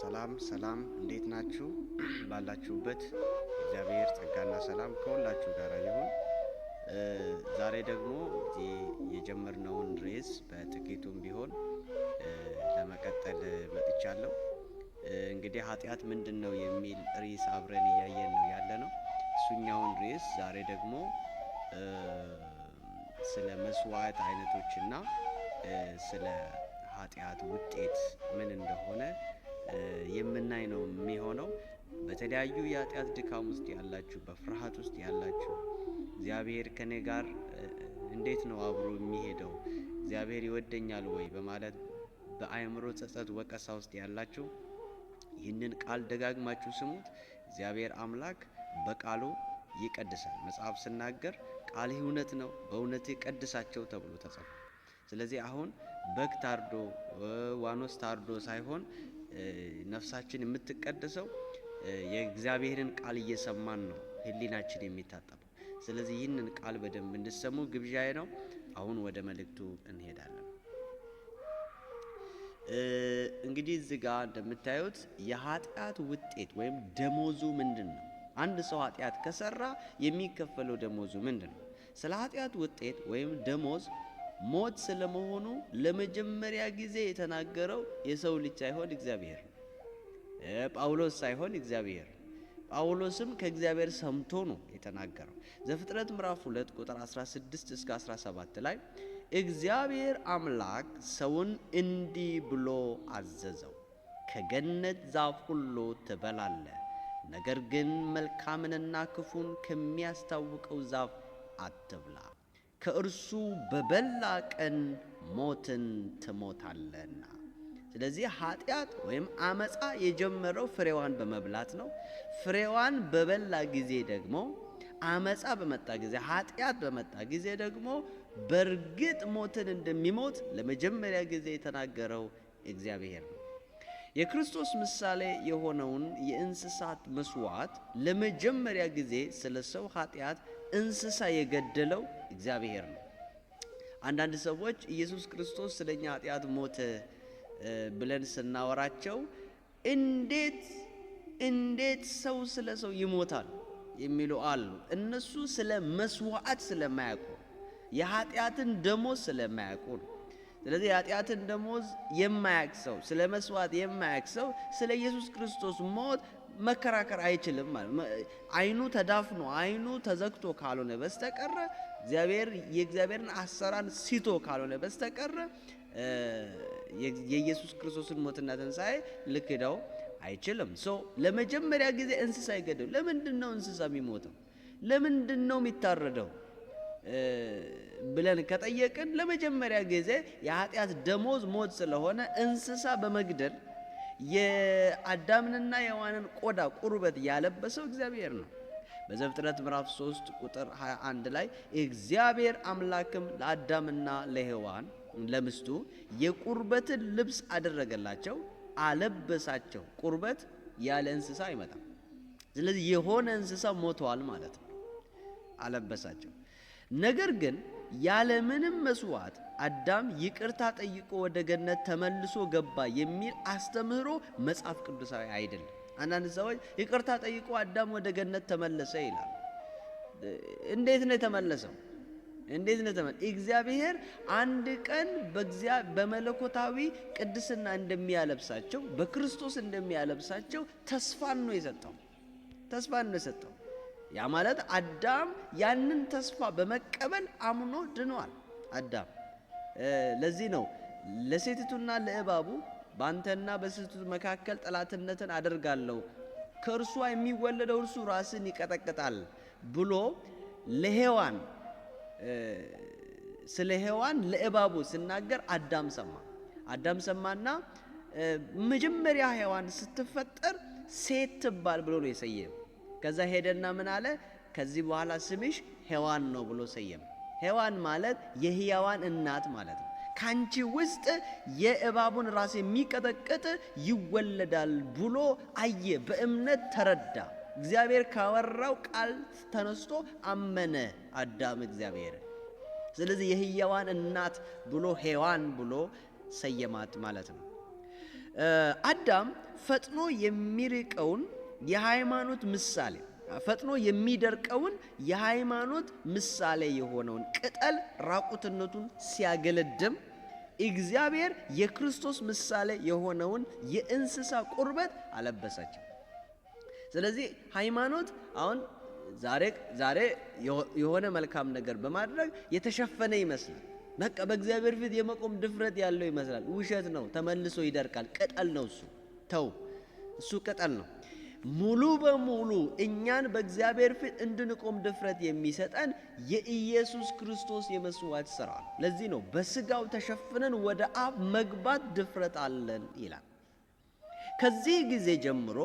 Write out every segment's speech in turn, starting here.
ሰላም ሰላም፣ እንዴት ናችሁ? ባላችሁበት እግዚአብሔር ጸጋና ሰላም ከሁላችሁ ጋር ይሁን። ዛሬ ደግሞ የጀመርነውን ርዕስ በጥቂቱም ቢሆን ለመቀጠል መጥቻለሁ። እንግዲህ ኃጢአት ምንድን ነው የሚል ርዕስ አብረን እያየን ነው ያለ ነው። እሱኛውን ርዕስ ዛሬ ደግሞ ስለ መስዋዕት አይነቶችና ስለ ኃጢአት ውጤት ምን እንደሆነ የምናይ ነው የሚሆነው። በተለያዩ የኃጢአት ድካም ውስጥ ያላችሁ፣ በፍርሃት ውስጥ ያላችሁ እግዚአብሔር ከኔ ጋር እንዴት ነው አብሮ የሚሄደው እግዚአብሔር ይወደኛል ወይ በማለት በአእምሮ ጸጸት ወቀሳ ውስጥ ያላችሁ ይህንን ቃል ደጋግማችሁ ስሙት። እግዚአብሔር አምላክ በቃሉ ይቀድሳል። መጽሐፍ ስናገር ቃልህ እውነት ነው፣ በእውነት ቀድሳቸው ተብሎ ተጽፏል። ስለዚህ አሁን በግ ታርዶ ዋኖስ ታርዶ ሳይሆን ነፍሳችን የምትቀደሰው የእግዚአብሔርን ቃል እየሰማን ነው ህሊናችን የሚታጠበው። ስለዚህ ይህንን ቃል በደንብ እንድሰሙ ግብዣዬ ነው። አሁን ወደ መልእክቱ እንሄዳለን። እንግዲህ እዚህ ጋር እንደምታዩት የኃጢአት ውጤት ወይም ደሞዙ ምንድን ነው? አንድ ሰው ኃጢአት ከሰራ የሚከፈለው ደሞዙ ምንድን ነው? ስለ ኃጢአት ውጤት ወይም ደሞዝ ሞት ስለመሆኑ ለመጀመሪያ ጊዜ የተናገረው የሰው ልጅ ሳይሆን እግዚአብሔር ነው። ጳውሎስ ሳይሆን እግዚአብሔር ጳውሎስም ከእግዚአብሔር ሰምቶ ነው የተናገረው። ዘፍጥረት ምዕራፍ 2 ቁጥር 16 እስከ 17 ላይ እግዚአብሔር አምላክ ሰውን እንዲህ ብሎ አዘዘው፣ ከገነት ዛፍ ሁሉ ትበላለህ፣ ነገር ግን መልካምንና ክፉን ከሚያስታውቀው ዛፍ አትብላ ከእርሱ በበላ ቀን ሞትን ትሞታለና። ስለዚህ ኃጢአት ወይም አመፃ የጀመረው ፍሬዋን በመብላት ነው። ፍሬዋን በበላ ጊዜ ደግሞ አመፃ በመጣ ጊዜ ኃጢአት በመጣ ጊዜ ደግሞ በእርግጥ ሞትን እንደሚሞት ለመጀመሪያ ጊዜ የተናገረው እግዚአብሔር ነው። የክርስቶስ ምሳሌ የሆነውን የእንስሳት መስዋዕት ለመጀመሪያ ጊዜ ስለ ሰው ኃጢአት እንስሳ የገደለው እግዚአብሔር ነው። አንዳንድ ሰዎች ኢየሱስ ክርስቶስ ስለ እኛ ኃጢአት ሞተ ብለን ስናወራቸው እንዴት እንዴት ሰው ስለ ሰው ይሞታል የሚሉ አሉ። እነሱ ስለ መስዋዕት ስለማያውቁ የኃጢአትን ደሞ ስለማያውቁ ነው። ስለዚህ የኃጢአትን ደሞዝ የማያክሰው ስለ መስዋዕት የማያክሰው ስለ ኢየሱስ ክርስቶስ ሞት መከራከር አይችልም። ማለት አይኑ ተዳፍኖ አይኑ ተዘግቶ ካልሆነ በስተቀረ እግዚአብሔር የእግዚአብሔርን አሰራር ሲቶ ካልሆነ በስተቀረ የኢየሱስ ክርስቶስን ሞትና ትንሣኤ ልክደው አይችልም። ሶ ለመጀመሪያ ጊዜ እንስሳ ይገደው። ለምንድን ነው እንስሳ የሚሞተው? ለምንድን ነው የሚታረደው? ብለን ከጠየቅን ለመጀመሪያ ጊዜ የኃጢአት ደሞዝ ሞት ስለሆነ እንስሳ በመግደል የአዳምንና የዋንን ቆዳ ቁርበት ያለበሰው እግዚአብሔር ነው። በዘፍጥረት ምዕራፍ 3 ቁጥር 21 ላይ እግዚአብሔር አምላክም ለአዳምና ለሔዋን ለምስቱ የቁርበትን ልብስ አደረገላቸው፣ አለበሳቸው። ቁርበት ያለ እንስሳ አይመጣም። ስለዚህ የሆነ እንስሳ ሞተዋል ማለት ነው። አለበሳቸው ነገር ግን ያለምንም መስዋዕት አዳም ይቅርታ ጠይቆ ወደ ገነት ተመልሶ ገባ የሚል አስተምህሮ መጽሐፍ ቅዱሳዊ አይደለም። አንዳንድ ሰዎች ይቅርታ ጠይቆ አዳም ወደ ገነት ተመለሰ ይላል። እንዴት ነው የተመለሰው? እንዴት ነው ተመለ እግዚአብሔር አንድ ቀን በመለኮታዊ ቅድስና እንደሚያለብሳቸው በክርስቶስ እንደሚያለብሳቸው ተስፋን ነው የሰጠው። ተስፋን ነው የሰጠው። ያ ማለት አዳም ያንን ተስፋ በመቀበል አምኖ ድኗል። አዳም ለዚህ ነው ለሴቲቱና ለእባቡ በአንተና በሴቲቱ መካከል ጠላትነትን አደርጋለሁ ከእርሷ የሚወለደው እርሱ ራስን ይቀጠቅጣል ብሎ ለሔዋን ስለ ሔዋን ለእባቡ ሲናገር አዳም ሰማ። አዳም ሰማና መጀመሪያ ሔዋን ስትፈጠር ሴት ትባል ብሎ ነው የሰየም ከዛ ሄደና ምን አለ? ከዚህ በኋላ ስምሽ ሔዋን ነው ብሎ ሰየም። ሔዋን ማለት የሕያዋን እናት ማለት ነው። ካንቺ ውስጥ የእባቡን ራስ የሚቀጠቅጥ ይወለዳል ብሎ አየ። በእምነት ተረዳ። እግዚአብሔር ካወራው ቃል ተነስቶ አመነ አዳም እግዚአብሔር። ስለዚህ የሕያዋን እናት ብሎ ሔዋን ብሎ ሰየማት ማለት ነው። አዳም ፈጥኖ የሚርቀውን የሃይማኖት ምሳሌ ፈጥኖ የሚደርቀውን የሃይማኖት ምሳሌ የሆነውን ቅጠል ራቁትነቱን ሲያገለድም እግዚአብሔር የክርስቶስ ምሳሌ የሆነውን የእንስሳ ቁርበት አለበሳቸው። ስለዚህ ሃይማኖት አሁን ዛሬ ዛሬ የሆነ መልካም ነገር በማድረግ የተሸፈነ ይመስላል። በቃ በእግዚአብሔር ፊት የመቆም ድፍረት ያለው ይመስላል። ውሸት ነው። ተመልሶ ይደርቃል። ቅጠል ነው እሱ። ተው፣ እሱ ቅጠል ነው። ሙሉ በሙሉ እኛን በእግዚአብሔር ፊት እንድንቆም ድፍረት የሚሰጠን የኢየሱስ ክርስቶስ የመስዋዕት ሥራ ለዚህ ነው በስጋው ተሸፍነን ወደ አብ መግባት ድፍረት አለን ይላል። ከዚህ ጊዜ ጀምሮ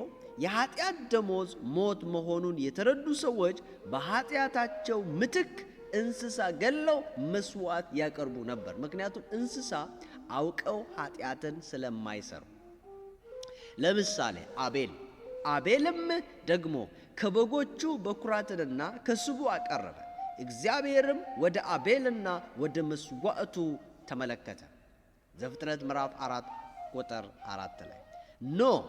የኃጢአት ደሞዝ ሞት መሆኑን የተረዱ ሰዎች በኃጢአታቸው ምትክ እንስሳ ገለው መስዋዕት ያቀርቡ ነበር። ምክንያቱም እንስሳ አውቀው ኃጢአትን ስለማይሰሩ። ለምሳሌ አቤል አቤልም ደግሞ ከበጎቹ በኩራትንና ከስቡ አቀረበ። እግዚአብሔርም ወደ አቤልና ወደ መስዋዕቱ ተመለከተ። ዘፍጥረት ምዕራፍ 4 ቁጥር 4 ላይ ኖህ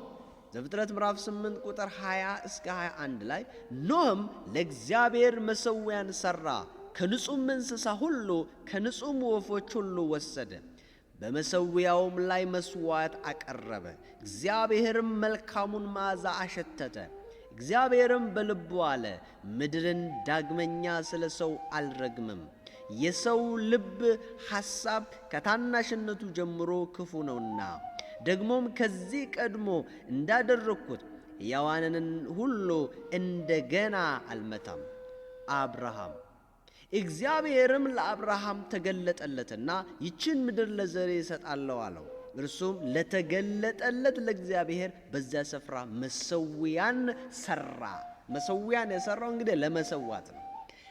ዘፍጥረት ምዕራፍ 8 ቁጥር 20 እስከ 21 ላይ ኖህም ለእግዚአብሔር መሠዊያን ሠራ፣ ከንጹሕም እንስሳ ሁሉ ከንጹሕም ወፎች ሁሉ ወሰደ በመሠዊያውም ላይ መሥዋዕት አቀረበ። እግዚአብሔርም መልካሙን መዓዛ አሸተተ። እግዚአብሔርም በልቡ አለ፣ ምድርን ዳግመኛ ስለ ሰው አልረግምም። የሰው ልብ ሐሳብ ከታናሽነቱ ጀምሮ ክፉ ነውና ደግሞም ከዚህ ቀድሞ እንዳደረግኩት ሕያዋንን ሁሉ እንደገና አልመታም። አብርሃም እግዚአብሔርም ለአብርሃም ተገለጠለትና ይችን ምድር ለዘሬ እሰጣለሁ አለው። እርሱም ለተገለጠለት ለእግዚአብሔር በዚያ ስፍራ መሰዊያን ሰራ። መሰዊያን የሰራው እንግዲህ ለመሰዋት ነው።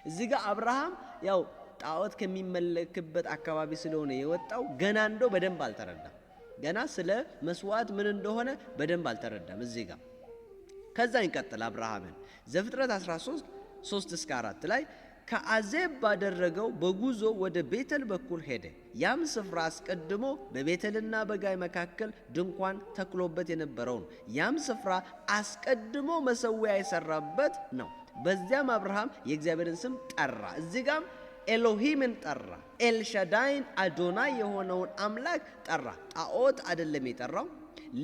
እዚህ ጋር አብርሃም ያው ጣዖት ከሚመለክበት አካባቢ ስለሆነ የወጣው ገና እንዶ በደንብ አልተረዳም። ገና ስለ መስዋዕት ምን እንደሆነ በደንብ አልተረዳም። እዚህ ጋር ከዛ ይቀጥል አብርሃምን ዘፍጥረት 13 3 እስከ 4 ላይ ከአዜብ ባደረገው በጉዞ ወደ ቤተል በኩል ሄደ። ያም ስፍራ አስቀድሞ በቤተልና በጋይ መካከል ድንኳን ተክሎበት የነበረው ነው። ያም ስፍራ አስቀድሞ መሰዊያ የሰራበት ነው። በዚያም አብርሃም የእግዚአብሔርን ስም ጠራ። እዚህ ጋም ኤሎሂምን ጠራ። ኤልሻዳይን አዶናይ የሆነውን አምላክ ጠራ። ጣዖት አይደለም የጠራው፣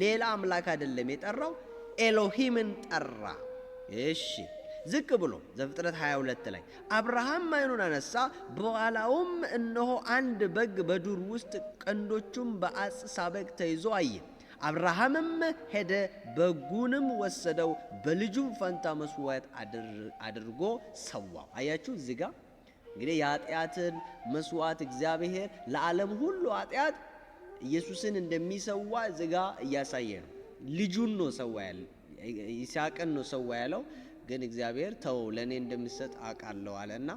ሌላ አምላክ አይደለም የጠራው፣ ኤሎሂምን ጠራ። እሺ ዝቅ ብሎ ዘፍጥረት 22 ላይ አብርሃም አይኑን አነሳ፣ በኋላውም እነሆ አንድ በግ በዱር ውስጥ ቀንዶቹም በአጽ ሳበቅ ተይዞ አየ። አብርሃምም ሄደ፣ በጉንም ወሰደው፣ በልጁም ፈንታ መስዋዕት አድርጎ ሰዋው። አያችሁ እዚህ ጋር እንግዲህ የኃጢአትን መስዋዕት እግዚአብሔር ለዓለም ሁሉ ኃጢአት ኢየሱስን እንደሚሰዋ ዝጋ ጋር እያሳየ ነው። ልጁን ነው ሰዋ ያለ፣ ይስሐቅን ነው ሰዋ ያለው። ግን እግዚአብሔር ተው ለእኔ እንደምሰጥ አውቃለሁ አለና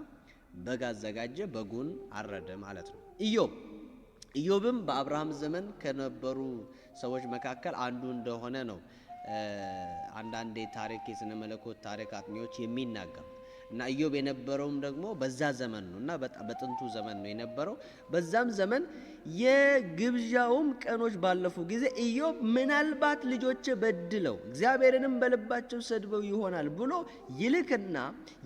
በግ አዘጋጀ፣ በጉን አረደ ማለት ነው። ኢዮብ ኢዮብም በአብርሃም ዘመን ከነበሩ ሰዎች መካከል አንዱ እንደሆነ ነው አንዳንዴ ታሪክ የስነ መለኮት ታሪክ አጥኚዎች የሚናገሩ እና ኢዮብ የነበረውም ደግሞ በዛ ዘመን ነው እና በጥንቱ ዘመን ነው የነበረው። በዛም ዘመን የግብዣውም ቀኖች ባለፉ ጊዜ ኢዮብ ምናልባት ልጆች በድለው እግዚአብሔርንም በልባቸው ሰድበው ይሆናል ብሎ ይልክና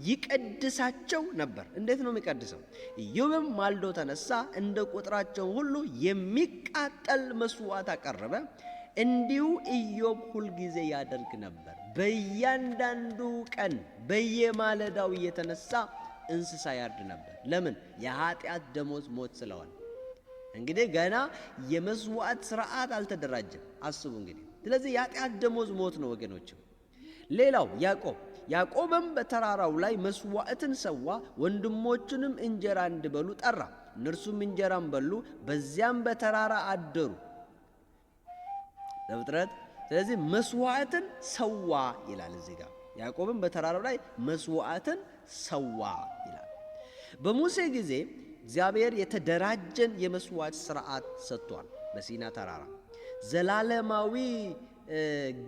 ይቀድሳቸው ነበር። እንዴት ነው የሚቀድሰው? ኢዮብም ማልዶ ተነሳ፣ እንደ ቁጥራቸው ሁሉ የሚቃጠል መስዋዕት አቀረበ። እንዲሁ ኢዮብ ሁልጊዜ ያደርግ ነበር። በእያንዳንዱ ቀን በየማለዳው እየተነሳ እንስሳ ያርድ ነበር። ለምን? የኃጢአት ደሞዝ ሞት ስለሆነ። እንግዲህ ገና የመስዋዕት ስርዓት አልተደራጀም። አስቡ እንግዲህ። ስለዚህ የኃጢአት ደሞዝ ሞት ነው ወገኖችም። ሌላው ያዕቆብ ያዕቆብም በተራራው ላይ መስዋዕትን ሰዋ፣ ወንድሞቹንም እንጀራ እንዲበሉ ጠራ። እነርሱም እንጀራን በሉ፣ በዚያም በተራራ አደሩ። ዘፍጥረት ስለዚህ መስዋዕትን ሰዋ ይላል እዚህ ጋር ያዕቆብም በተራራው ላይ መስዋዕትን ሰዋ ይላል። በሙሴ ጊዜ እግዚአብሔር የተደራጀን የመስዋዕት ስርዓት ሰጥቷል። በሲና ተራራ ዘላለማዊ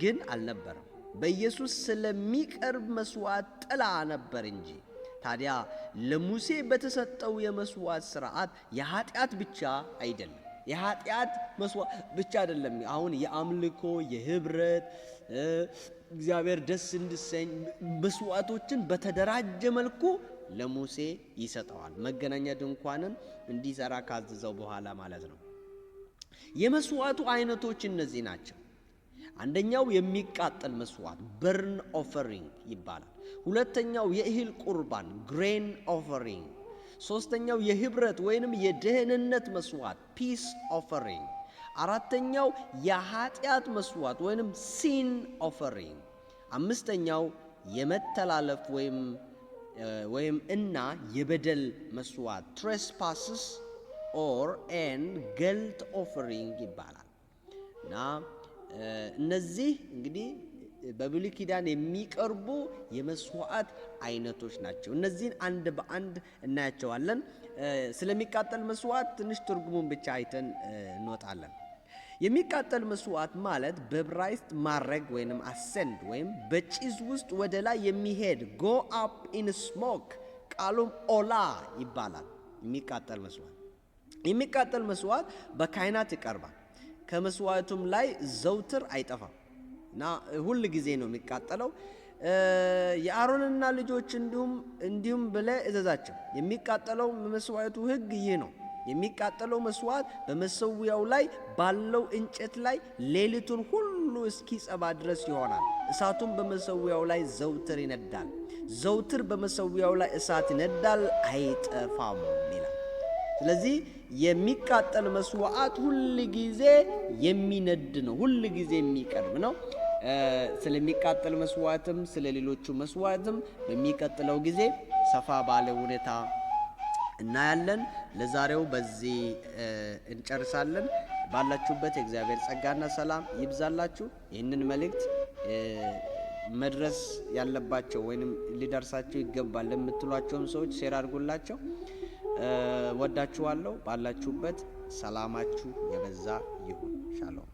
ግን አልነበረም። በኢየሱስ ስለሚቀርብ መስዋዕት ጥላ ነበር እንጂ። ታዲያ ለሙሴ በተሰጠው የመስዋዕት ስርዓት የኃጢአት ብቻ አይደለም የኃጢአት መስዋዕት ብቻ አይደለም። አሁን የአምልኮ የህብረት እግዚአብሔር ደስ እንድሰኝ መስዋዕቶችን በተደራጀ መልኩ ለሙሴ ይሰጠዋል። መገናኛ ድንኳንን እንዲሰራ ካዘዘው በኋላ ማለት ነው። የመስዋዕቱ አይነቶች እነዚህ ናቸው። አንደኛው የሚቃጠል መስዋዕት በርን ኦፈሪንግ ይባላል። ሁለተኛው የእህል ቁርባን ግሬን ኦፈሪንግ ሶስተኛው የህብረት ወይንም የደህንነት መስዋዕት ፒስ ኦፈሪንግ፣ አራተኛው የኃጢአት መስዋዕት ወይንም ሲን ኦፈሪንግ፣ አምስተኛው የመተላለፍ ወይም ወይም እና የበደል መስዋዕት ትሬስፓስስ ኦር ኤን ገልት ኦፈሪንግ ይባላል እና እነዚህ እንግዲህ በብሉይ ኪዳን የሚቀርቡ የመስዋዕት አይነቶች ናቸው። እነዚህን አንድ በአንድ እናያቸዋለን። ስለሚቃጠል መስዋዕት ትንሽ ትርጉሙን ብቻ አይተን እንወጣለን። የሚቃጠል መስዋዕት ማለት በብራይስጥ ማድረግ ወይም አሰንድ ወይም በጭዝ ውስጥ ወደ ላይ የሚሄድ ጎ አፕ ኢን ስሞክ ቃሉም ኦላ ይባላል። የሚቃጠል መስዋዕት የሚቃጠል መስዋዕት በካህናት ይቀርባል። ከመስዋዕቱም ላይ ዘውትር አይጠፋም። እና ሁል ጊዜ ነው የሚቃጠለው። የአሮንና ልጆች እንዲሁም እንዲሁም ብለህ እዘዛቸው። የሚቃጠለው መስዋዕቱ ህግ ይህ ነው። የሚቃጠለው መስዋዕት በመሰዊያው ላይ ባለው እንጨት ላይ ሌሊቱን ሁሉ እስኪጸባ ድረስ ይሆናል። እሳቱን በመሰዊያው ላይ ዘውትር ይነዳል። ዘውትር በመሰዊያው ላይ እሳት ይነዳል፣ አይጠፋም ይላል። ስለዚህ የሚቃጠል መስዋዕት ሁል ጊዜ የሚነድ ነው፣ ሁል ጊዜ የሚቀርብ ነው። ስለሚቃጠል መስዋዕትም ስለ ሌሎቹ መስዋዕትም በሚቀጥለው ጊዜ ሰፋ ባለ ሁኔታ እናያለን። ለዛሬው በዚህ እንጨርሳለን። ባላችሁበት የእግዚአብሔር ጸጋና ሰላም ይብዛላችሁ። ይህንን መልእክት መድረስ ያለባቸው ወይም ሊደርሳቸው ይገባል ለምትሏቸውም ሰዎች ሴር አድርጉላቸው። ወዳችኋለሁ። ባላችሁበት ሰላማችሁ የበዛ ይሁን። ሻሎም